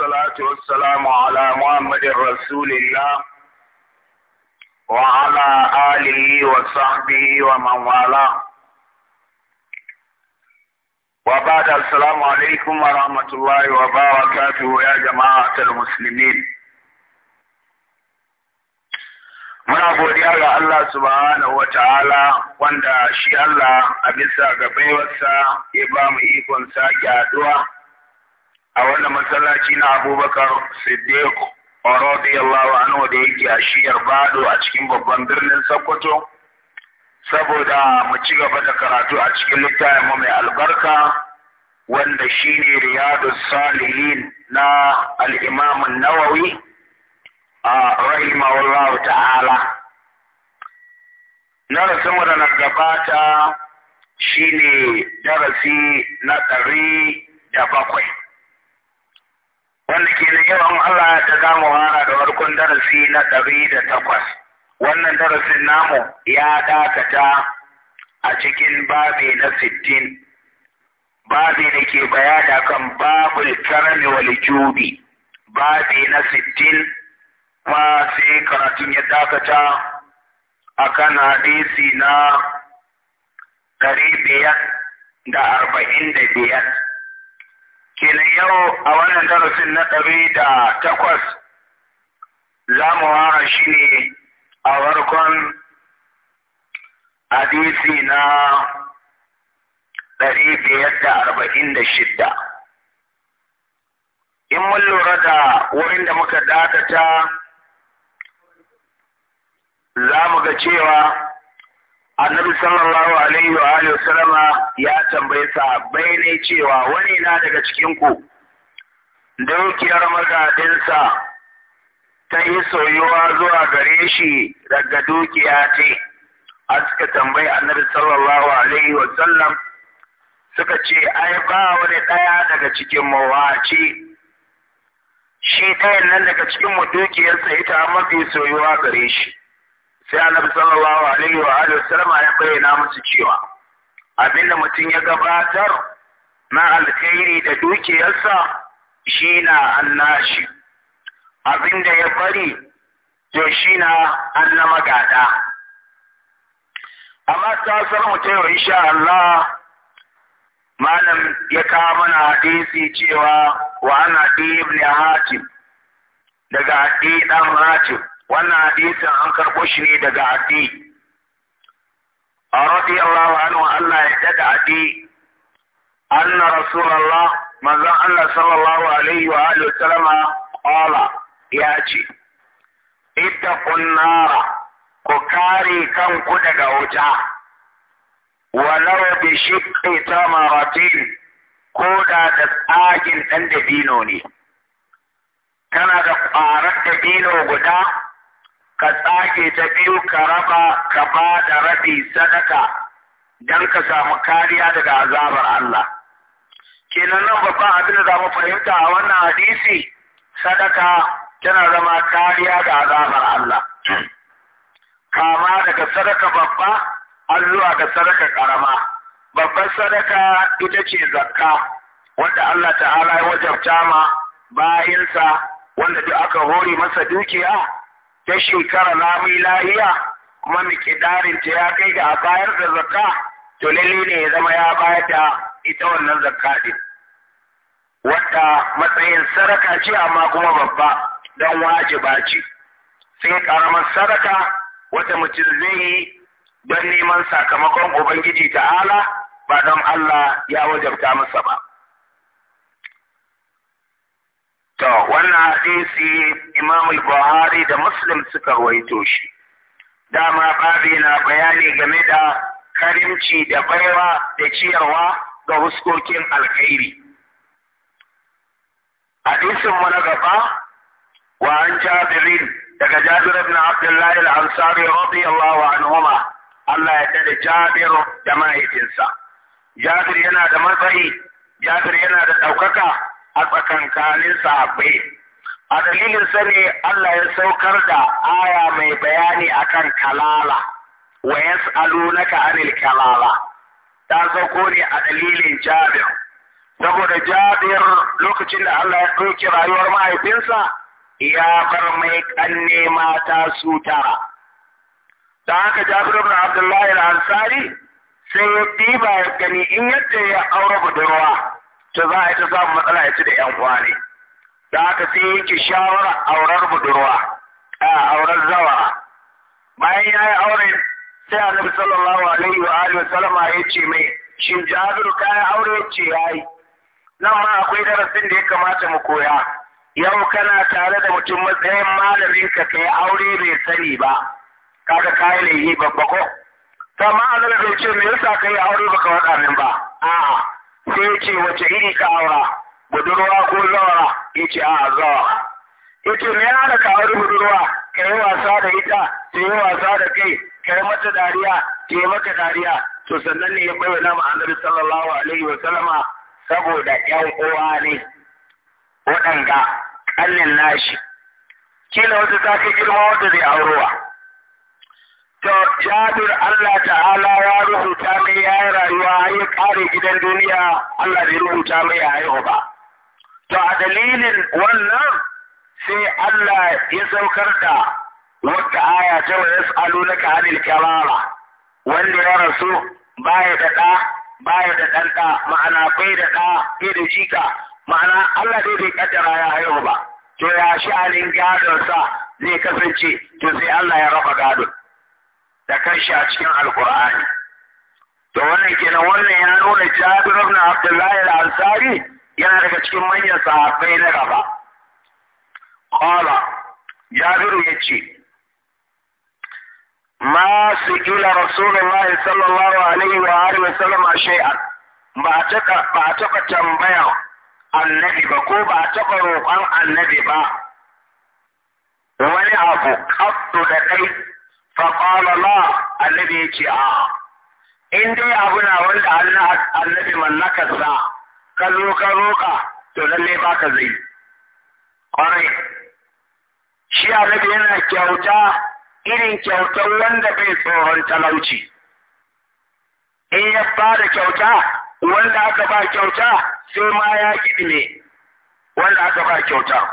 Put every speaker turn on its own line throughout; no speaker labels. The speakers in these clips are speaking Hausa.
والصلاة والسلام على محمد رسول الله وعلى آله وصحبه ومن والاه وبعد السلام عليكم ورحمة الله وبركاته يا جماعة المسلمين muna godiya ga Allah subhanahu wa ta'ala wanda shi Allah a bisa ga baiwarsa ya ba mu ikon sake haɗuwa a wannan masallaci na abubakar siddiq radiyallahu anhu da yake a shiyar bado a cikin babban birnin sokoto saboda mu ci gaba da karatu a cikin littafin mu mai albarka wanda shine riyadu salihin na al-imam an-nawawi a rahimahullahu ta'ala Na mu da na gabata shine darasi na ɗari da bakwai wanda ke yawan Allah ta za mu da farkon darasi na ɗari da takwas. Wannan darasin namu ya dakata a cikin babi na sittin, babi da ke bayana kan babul karami wal jubi, babi na sittin ma sai karatun ya dakata a kan hadisi na ɗari biyar da arba'in da biyar. kenan yau a wannan darasin na ɗari da takwas za mu wara shi ne a farkon hadisi na ɗari biyar da arba'in da shidda in mun lura da wurin da muka dakata za mu ga cewa annabi sallallahu alaihi wa alihi wasallama ya tambaye sahabbai ne cewa wani na daga cikin ku dukiyar sa ta yi soyuwa zuwa gare shi daga dukiya ce a suka tambayi annabi sallallahu alaihi wa sallam suka ce ai ba wani ɗaya daga cikin wace. shi ɗayan nan daga cikin mu sa, ita mafi soyuwa gare shi sai annabi sallallahu alaihi wa alihi wasallama ya bayyana musu cewa abinda mutum ya gabatar na alkhairi da dukiyarsa shi na annashi abinda ya bari to shi na annama gada. amma ta san mutum insha Allah malam ya kawo mana hadisi cewa wa ana ibn hatim daga ɗi ɗan hatim وانا حديث عن كربوشني دقا عدي رضي الله عنه أن يهدد عدي أن رسول الله من أن صلى الله عليه وآله وسلم قال يا أجي اتقوا النار كاري كم كدك أوجا ولو بشق تمرة كودا تتاجن أنت دينوني كما تقارك دينو قدام ka tsage ta biyu ka raba ka ba da rabi sadaka don ka samu kariya daga azabar Allah. Kenan nan babban abin da za mu fahimta a wannan hadisi sadaka tana zama kariya da azabar Allah. Kama daga sadaka babba an zuwa ga sadaka karama. Babbar sadaka ita ce zakka wanda Allah ta'ala ya wajabta ma bayinsa wanda duk aka hore masa dukiya ta shekara lami lahiya kuma mikidarin ta ya kai ga a bayar da zakka to lalle ne ya zama ya bayar da ita wannan zakka din Wata matsayin saraka ce amma kuma babba don wajiba ce sai karamar saraka wata mutum zai yi don neman sakamakon ubangiji ta'ala ba don Allah ya wajabta masa ba To, wannan hadisi Imam Buhari da Muslim suka rawaito shi. Dama babi na bayani game da karimci da baiwa da ciyarwa ga huskokin alkhairi. Hadisin mu na gaba wa an jabirin daga Jabir ibn Abdullah al-Ansari radiyallahu anhuma Allah ya tada Jabir da mahaifinsa. Jabir yana da matsayi, Jabir yana da ɗaukaka, a tsakankanin sahabbai a dalilin sani Allah ya saukar da aya mai bayani akan kalala wa yas'alunaka anil kalala ta sauko ne a dalilin Jabir saboda Jabir lokacin da Allah ya ɗauki rayuwar mahaifinsa ya bar mai kanne mata su tara da haka Jabir ibn Abdullahi al-Ansari sai ya diba ya gani in yadda ya aure budurwa ta za a yi ta samun matsala ya ci da yan uwa ne da aka sai yanke shawara aurar budurwa a auren zawa. bayan ya yi auren sai annabi sallallahu alaihi wa alihi Salama ya ce mai shin jabiru kayan aure ya ce ya yi nan ma akwai darasin da ya kamata mu koya yau kana tare da mutum matsayin malamin ka kai aure bai sani ba kaga yi laifi babba ko to amma bai ce me yasa kai aure baka wada min ba a'a sai ya ce wace iri ka aura budurwa ko zawara ya ce a zawara ya ce me yana budurwa ka yi wasa da ita ka yi wasa da kai ka yi mata dariya ka yi mata dariya to sannan ne ya bayyana ma'anar annabi sallallahu alaihi wa saboda yan uwa ne waɗanda ƙannin nashi kila wata ta kai girma wanda zai aurowa To, jabir Allah ta'ala ya rubuta mai ya rayuwa ya kare gidan duniya Allah bai rubuta mai ya haihu ba. To, a dalilin wannan sai Allah ya saukar da wata aya ta wa ya tsalo na kamara wanda ya rasu baya da ɗa baya da ɗa, ma'ana bai da ɗa bai da jika ma'ana Allah dai bai kaddara ya haihu ba. To, ya sha'anin gadonsa zai kasance to sai Allah ya raba gadon. da kanshi a cikin alkur'ani to wannan kenan wannan ya nuna jabir ibn abdullahi al-ansari yana daga cikin manyan sahabbai na gaba qala jabiru yace ma sujula rasulullahi sallallahu alaihi wa alihi wa sallam shay'an ba taka ba taka tambaya annabi ba ko ba taka roƙon annabi ba wani abu kaddu da kai faƙala la annabi ya ce a in dai abu na wanda annabi mallakarsa ka zo ka roƙa to lalle ba ka zai ƙwarai shi annabi yana kyauta irin kyautar wanda bai tsoron talauci in ya fara kyauta wanda aka ba kyauta sai ma ya kiɗi ne wanda aka ba kyauta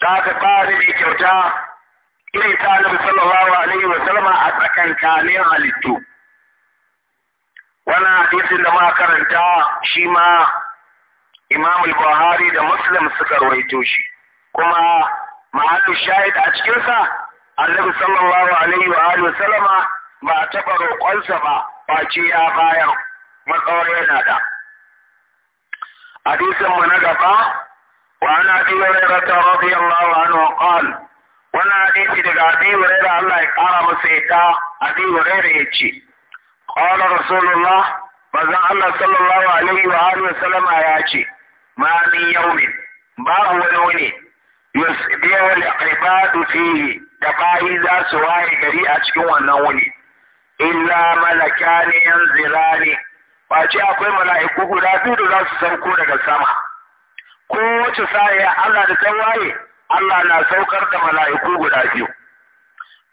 ta ka fara mai kyauta irin ta annabi sallallahu alaihi wa sallama a tsakankanin halittu Wani hadisin da ma karanta shi ma Imam al-Buhari da Muslim suka rawaito shi kuma mahallu shahid a cikinsa, sa annabi sallallahu alaihi wa alihi wa sallama ba taɓa roƙonsa ba ce ya bayan matsawar yana da hadisin mu na gaba wa ana rata hurairah radiyallahu wa qala Wani hadisi daga Abi da Allah ya kara masa ya yadda Abi ya ce, qala rasulullah bazan Allah sallallahu alaihi wa alihi wa ya ce, ma min yawmin babu wani wani yusbihu wani ibadu fihi da bayi za su waye gari a cikin wannan wuni illa zira ne, ba ce akwai mala'iku guda biyu da za su sauko daga sama ko wace sa'a Allah da ta waye Allah na saukar da mala'iku guda biyu.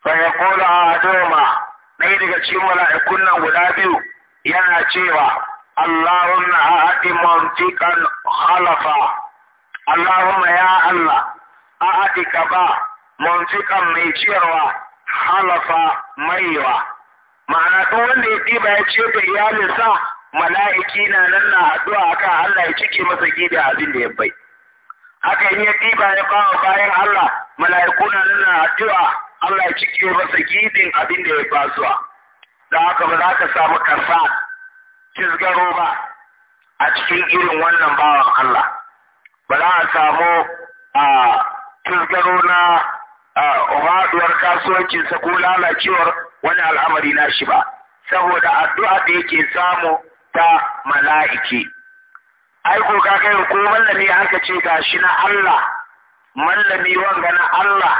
Faya kola a doma, ɗaya daga cikin mala'ikun nan guda biyu yana cewa, Allahumma a haɗi mantiƙan halafa, Allahumma ya Allah, a haɗi ba mantiƙan mai ciyarwa halafa maiwa. Ma'ana duk wanda ya ɗiba ya ce da iyalinsa mala'iki na nan na addu'a akan Allah ya cike masa gida abin da ya bai. haka in ya ɗiba ya bawa bayan Allah mala'iku na nuna addu'a Allah ya cike masa gidin abin da ya basuwa don haka ba za ka samu kasa cizgaro ba a cikin irin wannan bawan Allah ba za a samu a kisgaro na haɗuwar kasuwancinsa ko lalacewar wani al'amari na shi ba saboda addu'a da yake samu ta mala'iki. Aiko ka kai ko mallami aka ce ga shi na Allah mallami wanga na Allah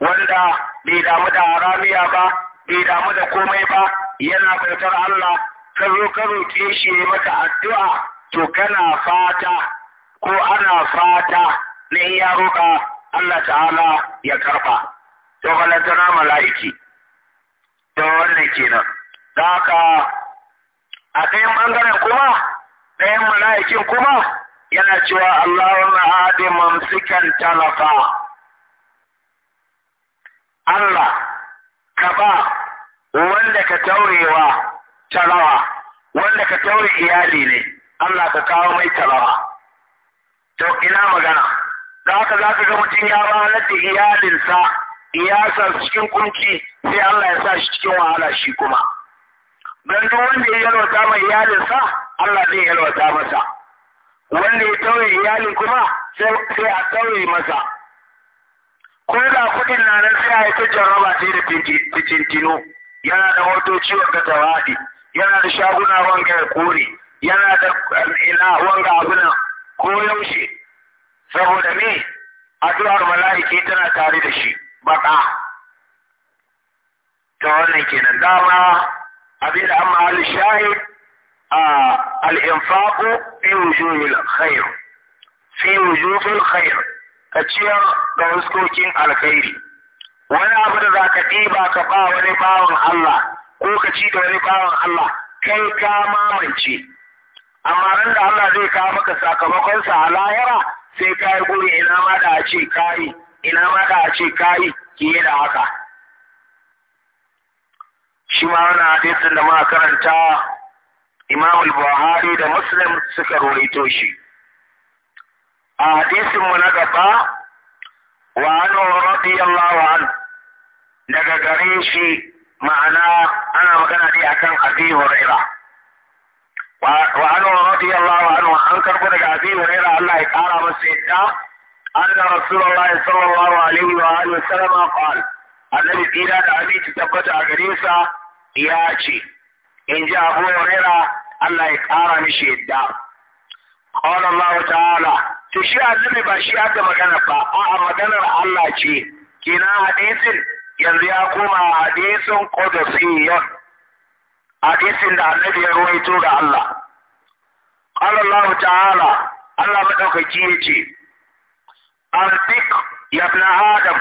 wanda bai damu da haramiya ba bai damu da komai ba yana bautar Allah ka zo ka roƙe shi ya maka addu'a to kana fata ko ana fata na ya roƙa Allah ta'ala ya karba to balantana mala'iki to wannan kenan da haka a ɗayan bangaren kuma ɗayan mala'ikin kuma yana cewa Allahumma hadi sukan talafa Allah ka ba wanda ka taurewa talawa wanda ka taure iyali ne Allah ka kawo mai talawa to ina magana da haka za ka ga mutum ya ranar da iyalinsa iyasa cikin kunci sai Allah ya sa shi cikin wahala shi kuma don duk wanda ya yalwata mai iyalinsa Allah zai yalwata masa wanda ya tauye iyalin kuma sai a tauye masa ko da kudin na nan sai a yi ta raba sai da fitintino, yana da motoci wanga tawadi yana da shaguna wanga ya kore yana da um, ina wanga abuna ko yaushe saboda me addu'ar mala'iki tana tare da shi baka ta wannan kenan dama abin da an mahalli a al'infaƙo fi wujuhil khair fi wujuhil khair ka ciyar ga huskokin alkhairi wani abu da za ka ɗiba ka ba wani bawan Allah ko ka ci da wani bawan Allah kai ka mamance amma ran da Allah zai kawo maka sakamakonsa a lahira sai ka yi guri ina ma da a ce kayi ina ma da a ce kayi ki da haka shi ma wani hadisin da muka karanta Imam al-Buhari da Muslim suka rawaito shi a hadisin mu na gaba wa anhu radiyallahu an daga gare shi ma'ana ana magana dai akan Abi Hurairah wa anhu radiyallahu anhu an karbu daga Abi Hurairah Allah ya kara masa yadda anna Rasulullahi sallallahu alaihi wa alihi wa sallam qala annabi tsira da ta tabbata a gare sa ya ce in ji abu huraira Allah ya kara mishi yadda qala Allah ta'ala to shi annabi ba shi aka magana ba a'a maganar Allah ce kina hadisin yanzu ya koma hadisin qudsiyyah hadisin da annabi ya ruwaito ga Allah qala Allah ta'ala Allah ya ce. An ya ibn adam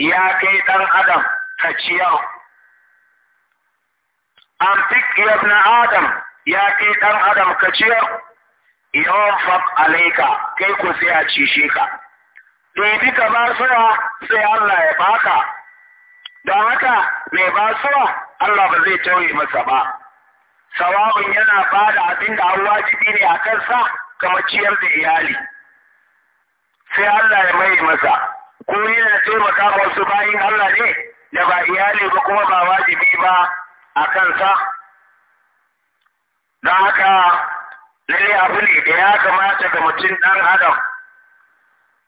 ya kai ɗan adam ka ciyar an na adam ya kai ɗan adam ka ciyar yawan fab alaika kai ku sai a cishe ka dobi ka ba suwa sai Allah ya baka don haka mai ba suwa Allah ba zai tauye masa ba sawa'un yana ba da abin da an wajibi ne a kansa kamar ciyar da iyali sai Allah ya mai masa ko yana taimaka wasu bayin Allah ne da ba iyali ba kuma ba wajibi ba a kansa don haka lalle abu ne da ya kamata ga mutum ɗan adam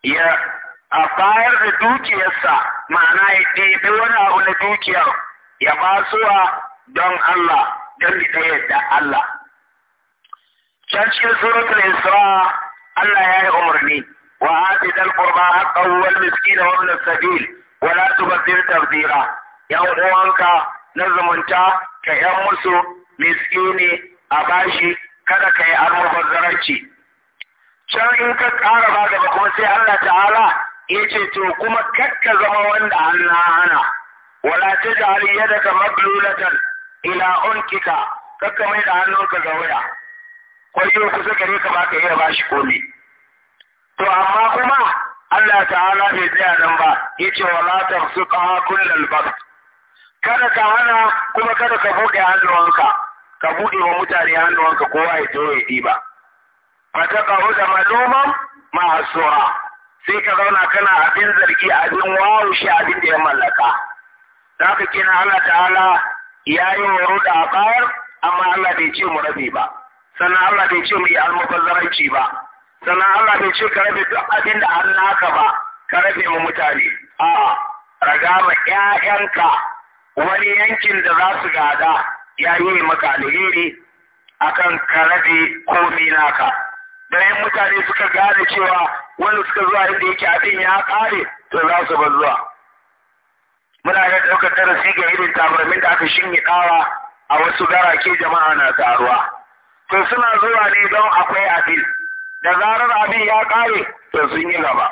ya a bayar da dukiyarsa ma'ana ya ɗebi wani abu na dukiyar ya suwa don Allah don da yadda Allah. Can cikin suratul Isra Allah ya yi umarni. وآت ذا القربى حقه والمسكين وابن السبيل ولا تبذر تبذيرا ‘yan uwanka na zumunta ka ‘yan musu miskini a bashi kada ka yi almubazzaranci. Can in ka ƙara ba gaba kuma sai Allah ta'ala ya ce to kuma kakka zama wanda ana hana. Wala ta da aliyya daga maglulatan ila unkika kakka mai da hannunka ga wuya. Kwayo kusa gare ka ba ka iya bashi komai. to amma kuma Allah ta'ala bai tsaya nan ba ya yace su kawo kullal ba. kada ka hana kuma kada ka buɗe hannuwanka ka buɗe wa mutane hannuwanka kowa ya ɗi ba. ba. ta ƙaru da manoman ma'asuwa. sai ka zauna kana abin zargi abin wawo shi abin da ya mallaka za ka kina Allah ta'ala ya yi horo da a bayar amma Allah bai ce mu rabe ba sannan Allah bai ce mu yi almubazzaranci ba sannan Allah bai ce ka rabe duk abin da an naka ba ka rabe mu mutane a raga ma ƴaƴanka wani yankin da za su gada ya yi maka alheri akan ka rabe komai naka bayan mutane suka gane cewa wanda suka zuwa inda yake abin ya kare to za su bar zuwa muna da ɗaukar darasi ga irin tabarmin da aka shinge ɗawa a wasu garake jama'a na taruwa to suna zuwa ne don akwai abin da zarar abin ya kare to sun yi gaba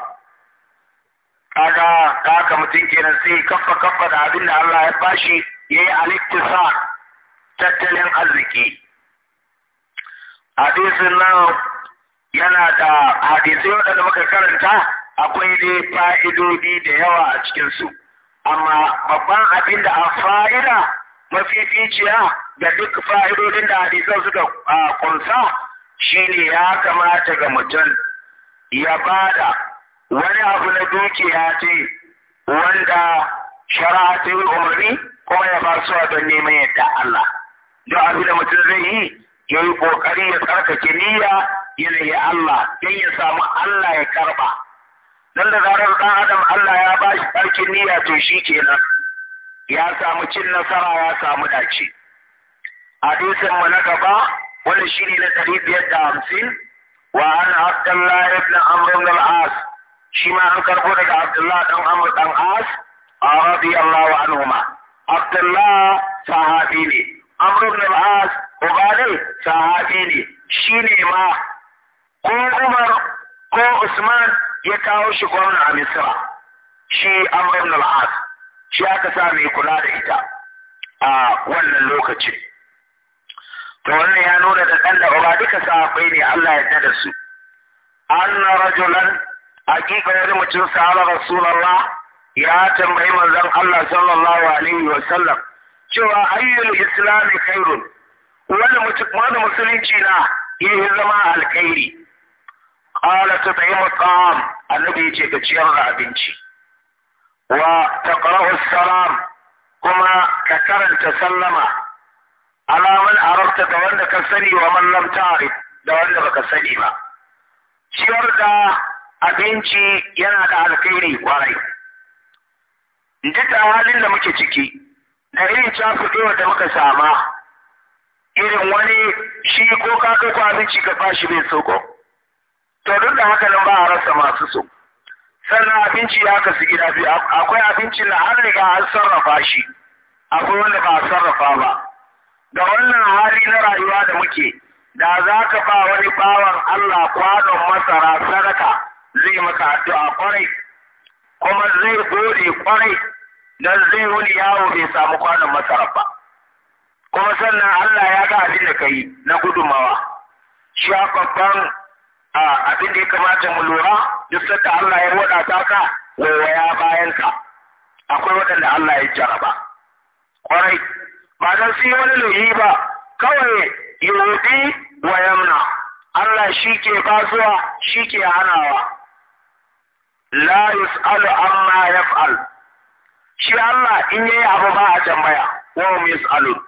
kaga kaka mutum kenan sai kafa kafa da abin da Allah ya bashi yayi al-iktisar tattalin arziki hadisin nan yana da hadisai waɗanda muka karanta akwai dai fa'idodi da yawa a cikin su amma babban abin da a fa'ida mafificiya ga duk fa'idodin da hadisan suka kunsa shi ne ya kamata ga mutum ya bada wani abu na dukiya ce wanda yi umarni kuma ya ba su don neman yadda Allah don abu da mutum zai yi ya yi ƙoƙari ya tsarkake niyya yanayi Allah don ya samu Allah ya karɓa. don da zarar ɗan adam Allah ya ba shi tsarkin niyya to shi kenan ya samu cin nasara ya samu dace hadisin mu na gaba wannan ne na ɗari biyar da hamsin wa an abdullahi ibn amr ibn al-as shi ma an karbo daga abdullahi dan amr dan as radiyallahu anhuma abdullahi sahabi ne amr ibn al-as ubadai sahabi ne Shi ne ma ko umar ko usman ya kawo shi gwamna a misra shi amr ibn al-as shi aka sa mai kula da ita a wannan lokacin to wannan ya nuna da ɗan da uba duka sahabbai ne Allah ya da su anna rajulan hakika wani mutum sahaba rasulullah ya tambayi manzon Allah sallallahu alaihi wa sallam cewa ayyul islami khairun wani mutum wani musulunci na yi zama alkhairi qala tutaimu ta'am annabi yace ka ciyar da abinci wa taqra'u salam kuma ka karanta sallama ala man arabta da wanda ka sani wa man lam ta'rif da wanda baka sani ba ciyar da abinci yana da alkhairi kwarai duk da halin da muke ciki da irin cakuɗewa da muka sama irin wani shi ko ka kai ko abinci ka fashi mai soko to duk da haka nan ba a rasa masu so sannan abinci ya kasu gida biyu akwai abincin da an riga an sarrafa shi akwai wanda ba a sarrafa ba da wannan hali na rayuwa da muke da za ka ba wani bawan Allah kwanon masara sadaka zai maka addu'a kwarai kuma zai gode kwarai don zai wani yawo bai samu kwanon masara ba kuma sannan Allah ya ga abin da kai na gudumawa shi babban abin da ya kamata mu lura duk sanda Allah ya wadata ka waiwaya bayan ka akwai waɗanda Allah ya jaraba kwarai ba don su yi wani laifi ba kawai yodi wa yamna Allah shi ke basuwa shi ke hanawa la yus'alu amma yaf'al shi Allah in yayi abu ba a tambaya wa hum yus'alun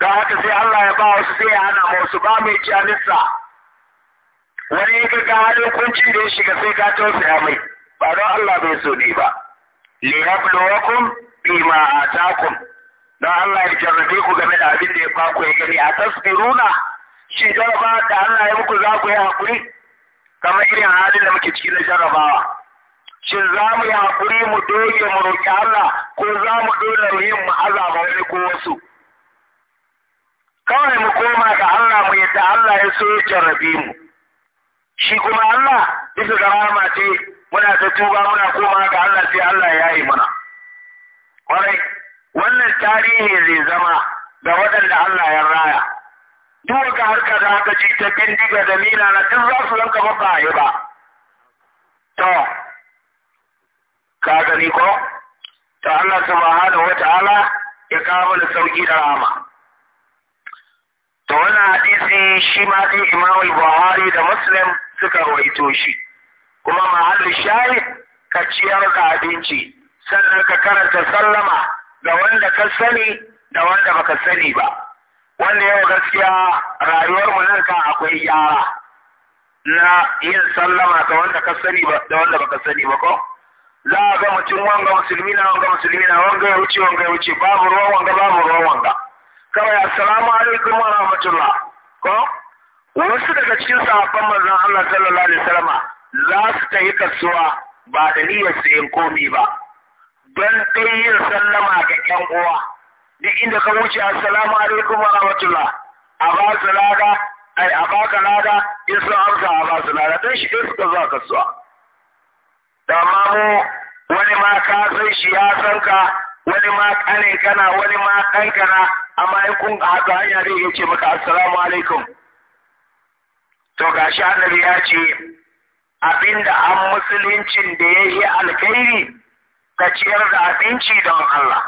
ga haka sai Allah ya ba wasu sai ya hana ma wasu ba mai kiyanista wani ya ga hukuncin kuncin da ya shiga sai ka tausaya mai ba don Allah bai so ne ba li yabluwakum bima atakum don Allah ya jarrabe ku game da abin da ya baku ya gani a tasbiruna shi jaraba da Allah ya muku za ku yi hakuri kamar irin halin da muke ciki na jarrabawa shin za mu yi hakuri mu doge mu roƙi Allah ko za mu dole mu yi mu azaba wani ko wasu kawai mu koma ga Allah mu yadda Allah ya so ya jarrabe mu shi kuma Allah bisa ga rama ce muna ta tuba muna koma ga Allah sai Allah ya yi mana kwarai wannan tarihi zai zama da waɗanda Allah ya raya duk ga harka da aka ji ta bindiga da mina na duk za su yanka ba ba ba to ka gani ko Ta Allah su ba wata ala ya kawo da sauƙi da rama to wani hadisi shi ma ɗin Imam Buhari da Muslim suka rawaito shi kuma mahallin shayi ka ciyar da abinci sannan ka karanta sallama ga wanda ka sani da wanda baka sani ba wanda yau gaskiya rayuwar mu nan kan akwai yara na yin sallama ga wanda ka sani ba da wanda baka sani ba ko za a ga mutum wanga musulmi na wanga musulmi na wanga ya wuce wanga ya wuce babu ruwan wanga babu ruwan wanga kawai assalamu alaikum wa rahmatullah ko wasu daga cikin sahabban manzon Allah sallallahu alaihi wasallama za su tayi kasuwa ba da niyyar su yin komi ba don ɗan yin sallama ga ƴan uwa duk inda ka wuce assalamu alaikum wa rahmatullah a ba su lada ai a ba ka lada in sun amsa a ba su lada don shi dai suka zuwa kasuwa da mu wani ma ka san shi ya san ka wani ma kane kana wani ma ɗan kana amma in kun haka hanya zai iya ce maka assalamu alaikum to gashi annabi ya ce abinda an musuluncin da ya yi alkhairi ka ciyar da abinci don Allah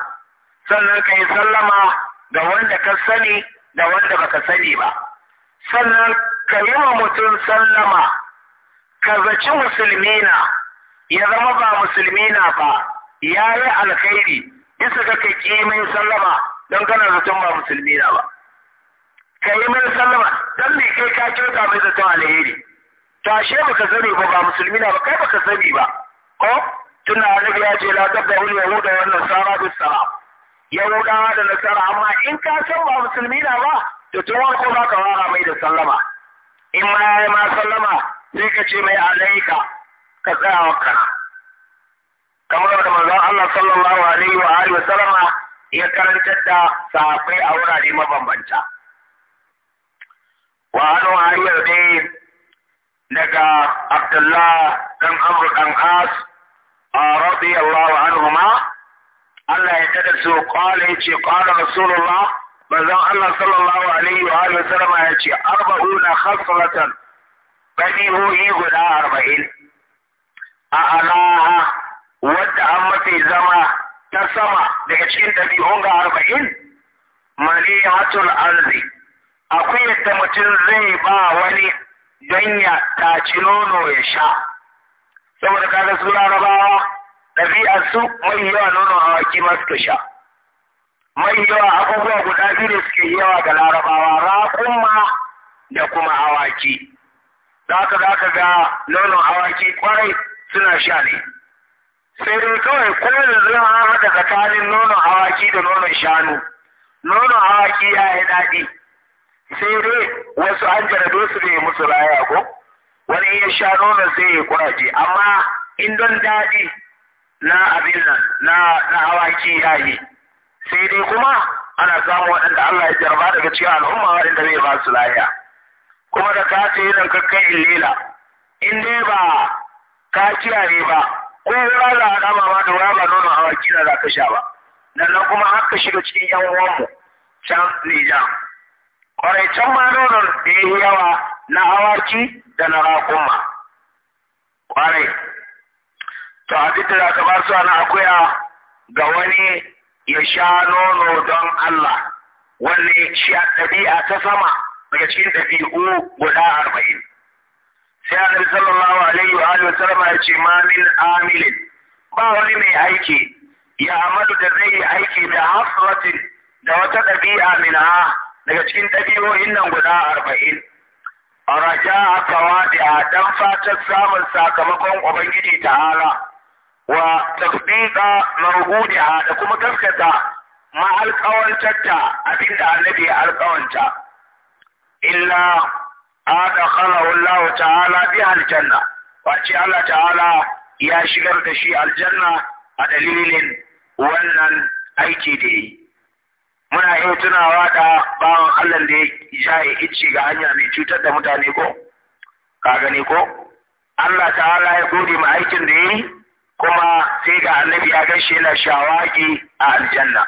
sannan ka yi sallama da wanda ka sani da wanda baka sani ba sannan ka yi wa mutum sallama ka zaci musulmi na ya zama ba musulmi na ba ya yi alkhairi isa ka kai kimin sallama don kana zaton ba musulmi na ba ka yi mai sallama don me kai ka kyauta mai zaton alheri to ashe baka sani ba ba musulmi na ba kai baka sani ba ko tunda annabi ya ce la tabda'ul yahuda wan nasara bis salam yahuda da nasara amma in ka san ba musulmi na ba to to wani kuma ka wara mai da sallama in ma yayi ma sallama sai ka ce mai alaika ka tsaya wa kana kamar da manzon Allah sallallahu alaihi wa alihi wa sallama ya karanta da sahabbai a wurare mabambanta wa anu ayyar dai daga Abdullah dan Amr dan As
radiyallahu anhu
ma Allah ya kada so kwale ya ce kwale rasulullah ba zan Allah sallallahu alaihi wa alaihi wa ya ce arba'u na khasulatan ba ni hoi guda arba'in a alaha wata an mafi zama ta sama daga cikin dabi ga arba'in mali ya hatun arzi akwai ya tamacin zai ba wani don ya ta ci nono ya sha saboda kaga su larabawa ɗabi'ar su mai yawa nono awaki ma suka sha mai yawa abubuwa guda biyu da suke yawa ga larabawa raƙumma da kuma awaki za ka za ka ga nonon awaki kwarai suna sha ne sai dai kawai ko yanzu ma haɗa tsakanin nonon awaki da nonon shanu nono awaki ya yi daɗi sai dai wasu an jarabe su ne musu raya ko wani iya ya sha nonon sai ya kuraje amma in don daɗi na abin nan na na awaki yayi sai dai kuma ana samun waɗanda Allah ya jarba daga cikin al'umma waɗanda bai ba su lafiya kuma da ka ce nan kakkai illela in dai ba ka kiyaye ba ko ba za a dama ma da raba ba nonon awaki na za ka sha ba nan kuma ka shiga cikin yan uwanmu can Nijar. Kwarai can ma nonon da ya yi yawa na awaki da na raƙuma Kwarai. to abin da ka ba su ana akuya ga wani ya sha nono don Allah wanne shi a ɗabi'a ta sama daga cikin ɗabi'u guda arba'in sai a annabi sallallahu alaihi wa alihi wasallam ya ce ma min amilin ba wani mai aiki ya amadu da zai yi aiki da hasratin da wata ɗabi'a min daga cikin ɗabi'o'in nan guda arba'in raja a dan fatan samun sakamakon ubangiji ta'ala wa tasdiqa marhudiha da kuma gaskata ma alƙawantarta abinda annabi ya alƙawanta illa lawa Allah ta'ala biya aljanna wace Allah ta'ala ya shigar da shi aljanna a dalilin wannan aiki da yi muna iya tunawa da bawan Allah da ya yi ice ga hanya mai cutar da mutane ko ka gani ko Allah ta'ala ya gode ma aikin da ya yi kuma sai ga annabi ya gaishe yana shawaki a aljanna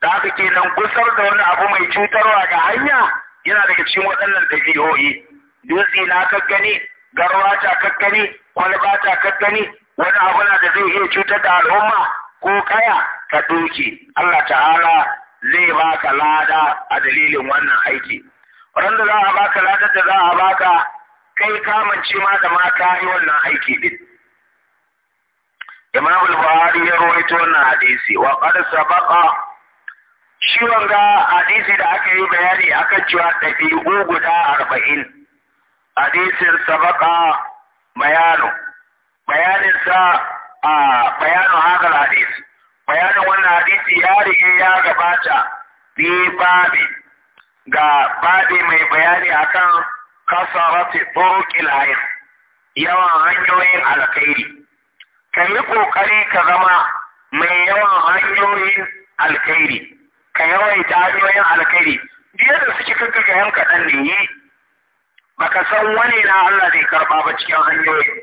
da haka kenan gusar da wani abu mai cutarwa ga hanya yana daga cikin waɗannan dabi'o'i dutse na kakkani, garwa ta kakkani, kwalba ta kakkani, wani abu na da zai iya cutar da al'umma ko kaya ka doke Allah ta'ala zai baka lada a dalilin wannan aiki wanda za a baka lada da za a baka kai kamance ma da ma ka yi wannan aiki din Imam buhari ya rawaito wannan hadisi wa qad sabaqa shi wanga hadisi da aka yi bayani akan cewa dabi'u guda arba'in. hadisin sabaqa bayanu bayanin sa a bayanu hadal hadisi bayanin wannan hadisi ya rige ya gabata bi babi ga babi mai bayani akan kasarati turuqil hayr yawan hanyoyin alkhairi ka yi kokari ka zama mai yawan hanyoyin alkhairi ka yawaita hanyoyin alkhairi biyar da suke kanka ga yan kaɗan ne yi baka san wani na Allah zai karɓa ba cikin hanyoyin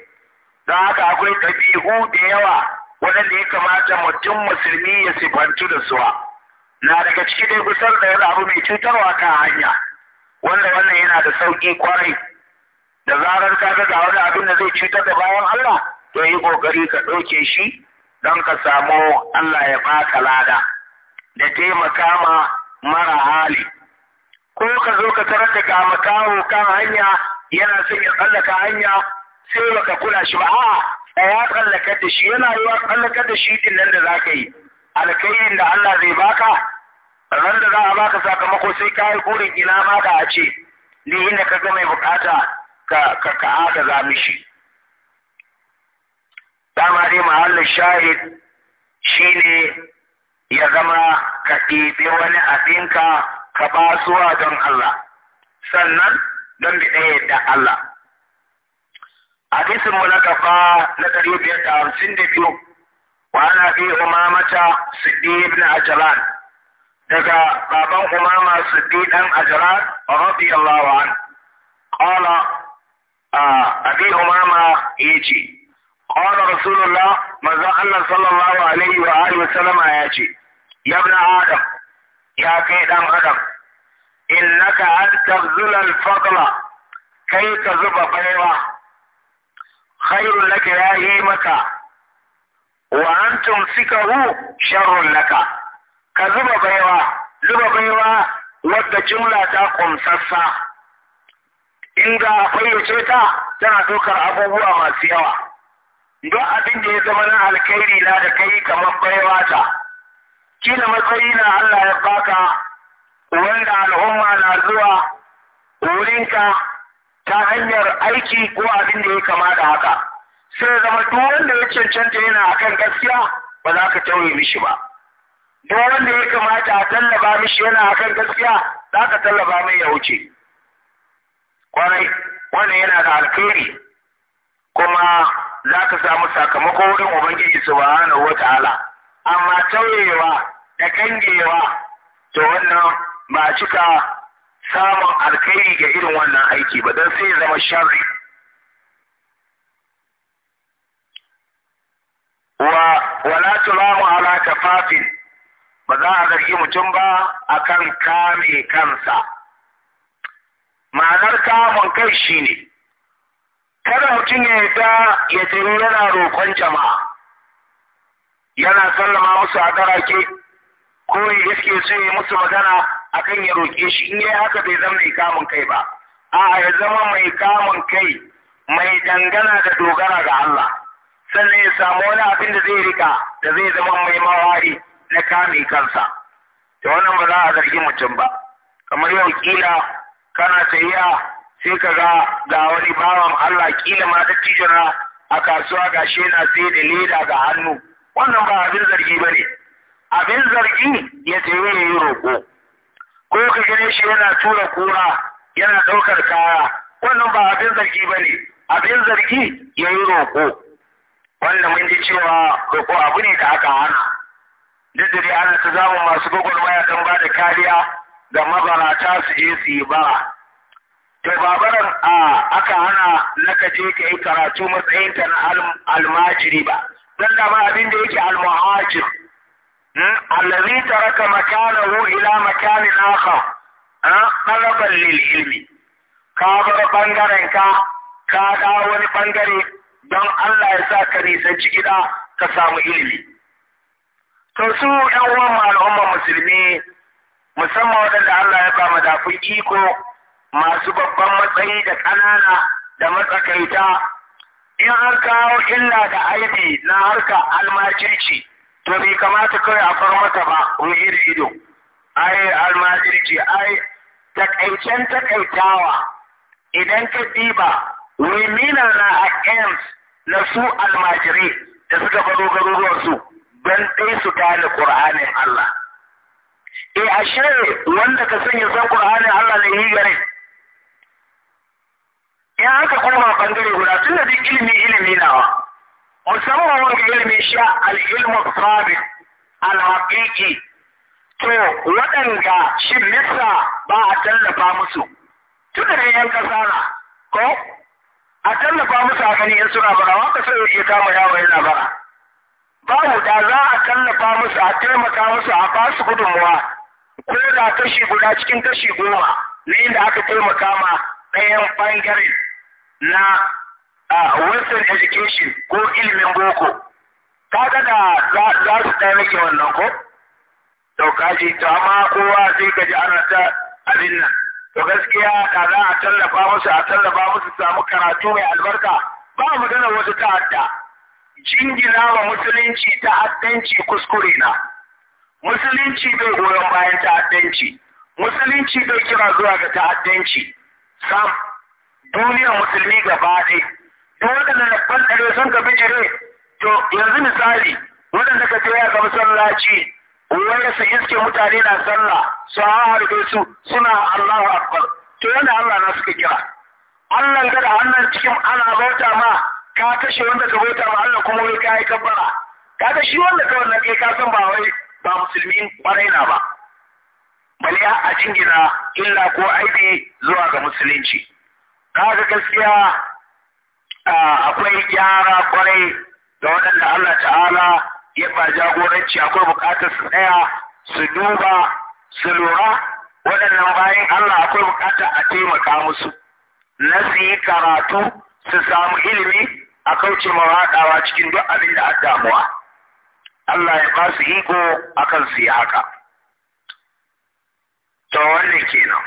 don haka akwai ɗabi'u da yawa waɗanda ya kamata mutum musulmi ya sifantu da suwa na daga ciki dai gusar da yana abu mai cutarwa kan hanya wanda wannan yana da sauƙi kwarai da zarar ka ga wani abin da zai cutar da bayan Allah to yi kokari ka ɗauke shi don ka samu Allah ya baka lada da taimaka ma mara hali ko ka zo ka tarar da kamakawo kan hanya yana son ya tsallaka hanya sai baka kula shi ba ya tsallaka da shi yana yi wa tsallaka da shi din nan da za ka yi alkairin da Allah zai baka ran da za a baka sakamako sai ka yi burin ina ma da a ce ni inda ka ga mai bukata ka ka ka shi. mishi dama dai mahallin shahid shine ya zama ka ɗebe wani abinka ka basuwa don Allah sannan don bi ɗaya da Allah حديث ملقفة نتري بيتا عمسين دي بيو وانا في امامة سدي بن عجلان دقا بابا امامة سدي بن عجلان رضي الله عنه قال ابي امامة ايجي قال رسول الله ماذا قال صلى الله عليه وآله وسلم ايجي يا ابن آدم يا كيد ام آدم إنك أن تبذل الفضل كي تزب قيمة khairun laka ya yi maka wa an tumsikahu sharrun laka ka zuba baiwa zuba baiwa wadda jumla ta kumsassa in akwai fayyace ta tana ɗaukar abubuwa masu yawa duk abin da ya zama na alkhairi na da kai kamar baiwa ta kila matsayi na Allah ya baka wanda al'umma na zuwa wurinka ta hanyar aiki ko abin da ya kama da haka sai zama duk wanda ya cancanta yana akan gaskiya ba za ka tauye mishi ba duk wanda ya kamata a tallaba mishi yana akan gaskiya za ka tallaba mai ya wuce kwarai wannan yana da alkhairi kuma za ka samu sakamako wurin ubangiji subhanahu wataala amma tauyewa da kangewa to wannan ba cika samun alkhairi ga irin wannan aiki ba don sai zama sharri wa wala tulamu ala fatin? ba za a zargi mutum ba a kan kame kansa ma'anar kamun kai shi ne. kada mutum ya yarda ya tsiri yana roƙon jama'a yana sallama musu a darake ko ya iske su yi musu magana akan ya roƙe shi in yayi haka bai zama mai kamun kai ba a ya zama mai kamun kai mai dangana da dogara ga Allah sannan ya samu wani abin da zai rika da zai zama mai mawari na kame kansa da wannan ba za a zargi mutum ba kamar yau kila kana tsayiya sai ka ga ga wani bawan Allah kila ma ta tijira a kasuwa ga shi yana sai da leda ga hannu wannan ba abin zargi ba ne abin zargi ya tsaye ya yi roƙo ko ka gane shi yana tura kura yana ɗaukar kaya wannan ba abin zargi ba ne abin zargi ya yi roƙo wanda mun ji cewa roƙo abu ne da aka hana duk da dai ana ta zamu masu gwagwarmaya don ba da kariya ga mabarata su je su yi bara to babaran a aka hana na ka je ka yi karatu matsayinta na almajiri ba don da abin da yake almuhajir ta raka الذي ترك مكانه إلى مكان آخر طلبا للعلم كابر ka كادا وني بنغري don Allah ya sa ka nisanci gida ka samu ilimi. To su ‘yan uwan al'umma musulmi musamman waɗanda Allah ya ba madafun iko masu babban matsayi da ƙanana da matsakaita in an kawo illa da aibi na harka almajirci. to bai kamata kawai a far mata ba ruhi da ido ai almajirki ai takaicen takaitawa idan ka diba wimina na haƙƙens na su almajiri da suka fado su don ɗai su gane ƙur'anin Allah. E ashe wanda ka sanya san ƙur'anin Allah na yi gare. Ya haka kuma bangare guda tun da duk ilimi ilimi nawa. musamman wanda ilimi sha al'ilmu sabit al-haqiqi to waɗanda shi Misa ba a tallafa musu tunda da yan ƙasa na ko a tallafa musu a gani in suna bara wanda sai yake kama yawo yana bara babu da za a tallafa musu a taimaka musu a ba su gudunmuwa ko da kashi guda cikin kashi goma na inda aka taimaka ma ɗayan ɓangare na a western education ko ilimin boko ka ga da za su ta wannan ko to kaji to amma kowa sai ka ji ana ta abin nan to gaskiya ka za a tallafa musu a tallafa musu samu karatu mai albarka ba mu gana wasu ta'adda jingina wa musulunci ta'addanci kuskure na musulunci bai goyon bayan ta'addanci musulunci bai kira zuwa ga ta'addanci sam duniyar musulmi gaba ɗaya in waɗanda ɗari sun ka bijire to yanzu misali waɗanda ka je ya ga masallaci wanda su iske mutane na sallah su harbe su suna Allahu Akbar to yana Allah na suka kira Allah ga da hannun cikin ana bauta ma ka kashe wanda ka bauta ma Allah kuma wai kai kabbara ta shi wanda ka wannan ka san ba wai ba musulmi na ba bali a jingina illa ko aibi zuwa ga musulunci ga gaskiya akwai gyara kwarai da waɗanda Allah ta'ala ya ba jagoranci akwai buƙatar su tsaya su duba su lura waɗannan bayan Allah akwai buƙatar a taimaka musu na su yi karatu su samu ilimi a kauce mawaɗawa cikin duk abin da a damuwa. Allah ya ba su iko akan su yi haka. To wannan kenan.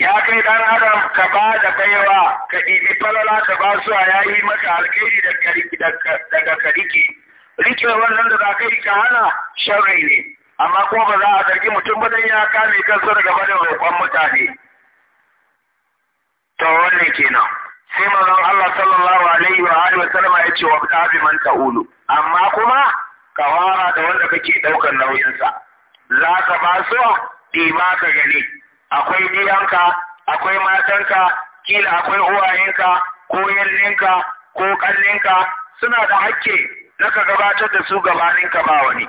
ya kai ɗan adam ka ba da baiwa ka ɗibi falala ka ba su a yayi maka alkhairi daga kariki. rike wannan da za ka yi ka hana sharri ne amma kuma ba za a zargi mutum ba dan ya kame kansa daga bada roƙon mutane to wannan kenan sai manzon Allah sallallahu alaihi wa alihi wasallam ya ce wa bi man ta'ulu amma kuma ka wara da wanda kake ɗaukar nauyinsa za ka ba su ɗima ka gani akwai biyanka, akwai matanka kila akwai uwayenka ko yallinka ko kallinka suna da hakke na ka gabatar da su gabaninka ba wani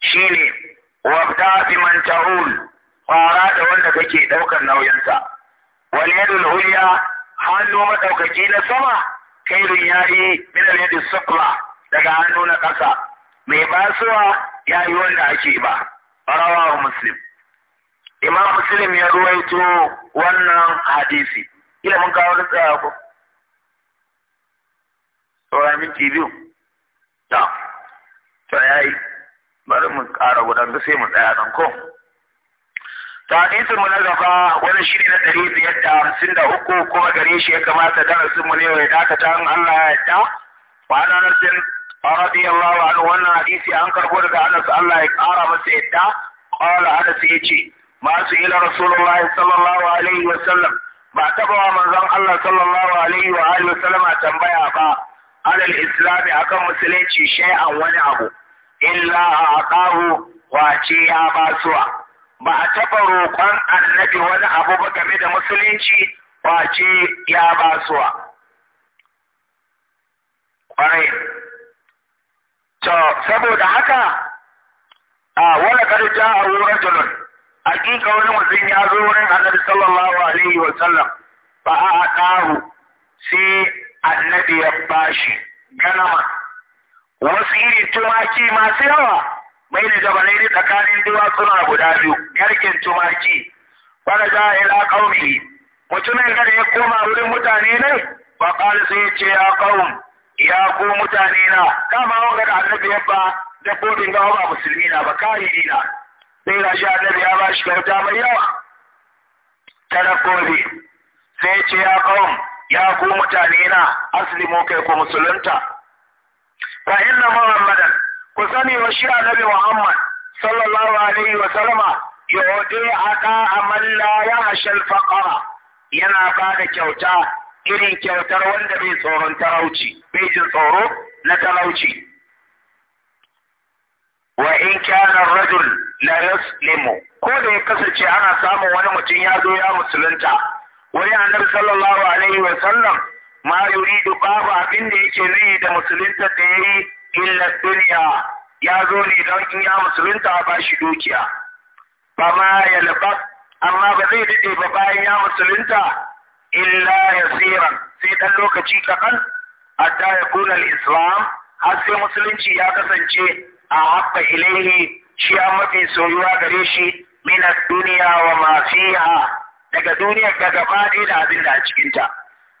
shine wabda bi man ta'ul fara da wanda kake ɗaukar nauyinsa Wani yadda ulya hannu maɗaukaki na sama kairin yayi min alhadi sukla daga hannu na ƙasa mai basuwa ya yi wanda ake ba wa muslim imam muslim ya ruwaito wannan hadisi kila mun kawo da tsaya ko sauran minti biyu ta to yayi bari mu ƙara gudan da sai mu tsaya nan ko ta hadisin mu na gaba wani shiri na ɗari biyar da hamsin da uku kuma gare shi ya kamata darasin mu ne ya dakata in Allah ya yarda wa ranar sin radiyallahu anhu wannan hadisi an karbo daga Anas Allah ya ƙara masa yadda qala Anas yace ma su ila rasulullahi sallallahu alaihi wa sallam ba taba wa manzon Allah sallallahu alaihi wa alihi wa sallama tambaya ba alal islam akan musulunci shay'an wani abu illa aqahu wa ce ya basuwa ba a taba roƙon annabi wani abu ba game da musulunci wa ce ya basuwa ƙwarai to saboda haka a wani karja a rajulun hakika wani mutum ya zo wurin annabi sallallahu alaihi wa sallam ba a sai annabi ya bashi ganama wasu iri tumaki masu yawa mai da jabalai ne tsakanin suna guda biyu garkin tumaki wanda za yi laƙaumi mutumin kada ya koma wurin mutane ne ba qala sai ce ya ƙaun ya ko mutane na kama wanga da annabi ya ba dabbobin gawa ba musulmi na ba kayi na sai ga shi annabi ya ba shi kyauta mai yawa ta rakobi sai ce ya kawon ya ku mutane na aslimu kai ku musulunta fa inna muhammadan ku sani wa shi annabi muhammad sallallahu alaihi wa sallama yaudi aka a la ya ashal faqara yana ba da kyauta irin kyautar wanda bai tsoron talauci bai jin tsoro na talauci wa in kana rajul la Nemo. ko da ya kasance ana samun wani mutum ya zo ya musulunta wani annabi sallallahu alaihi wa sallam ma yuridu babu abin da yake nayi da musulunta da yayi illa dunya ya zo ne don in ya musulunta ba shi dukiya ba ma yalba amma ba zai dade ba bayan ya musulunta illa yasiran sai dan lokaci kaɗan hatta ya kuna islam har sai musulunci ya kasance a haɓɓa ilaihi shi ya mafi soyuwa gare shi min duniya wa ma fiha daga duniyar da gaba da abin da a cikinta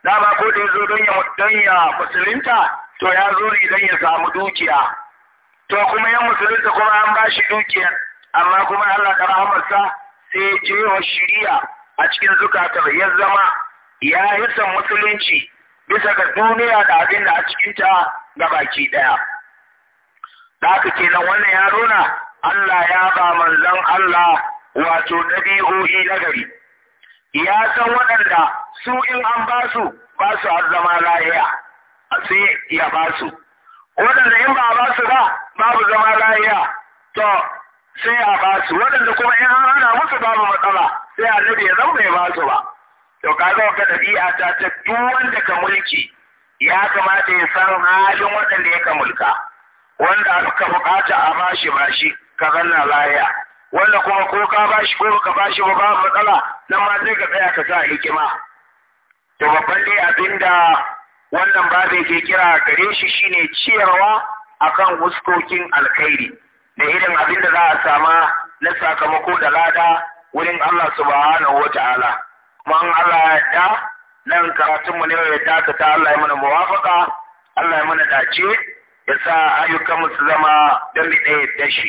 ba ko da zo don ya don musulunta to ya zo ne don ya samu dukiya to kuma ya musulunta kuma an ba shi dukiyar amma kuma Allah da rahamarsa sai ya je wa shirya a cikin zukatar ya zama ya hisan musulunci bisa ga duniya da abin da a cikinta ga baki ɗaya. Da ke nan wannan ya nuna Allah ya ba manzan Allah wato ɗabi'o'i na gari. Ya san waɗanda su in an ba su ba su har zama lahiya, sai ya ba su. Waɗanda in ba ba su ba babu zama lahiya, to sai a ba su. Waɗanda kuma in an hana musu babu matsala, sai annabi ya zama ya ba su ba. To ka ga ka ɗabi'a ta ta duk wanda ka mulki ya kamata ya san halin waɗanda ya ka mulka. Wanda aka buƙata a bashi bashi, ka zanna lahiya wanda kuma ko ka bashi ko ka bashi ba babu matsala nan ma zai ka tsaya ka sa hikima to babban dai abinda wannan babin ke kira gare shi shine ciyarwa akan huskokin alkhairi da irin abinda za a sama na sakamako da lada wurin Allah subhanahu wa ta'ala kuma Allah ya yarda nan karatun mu ne ya ta Allah ya mana muwafaka Allah ya mana dace ya sa ayyukan mu su zama don mu da shi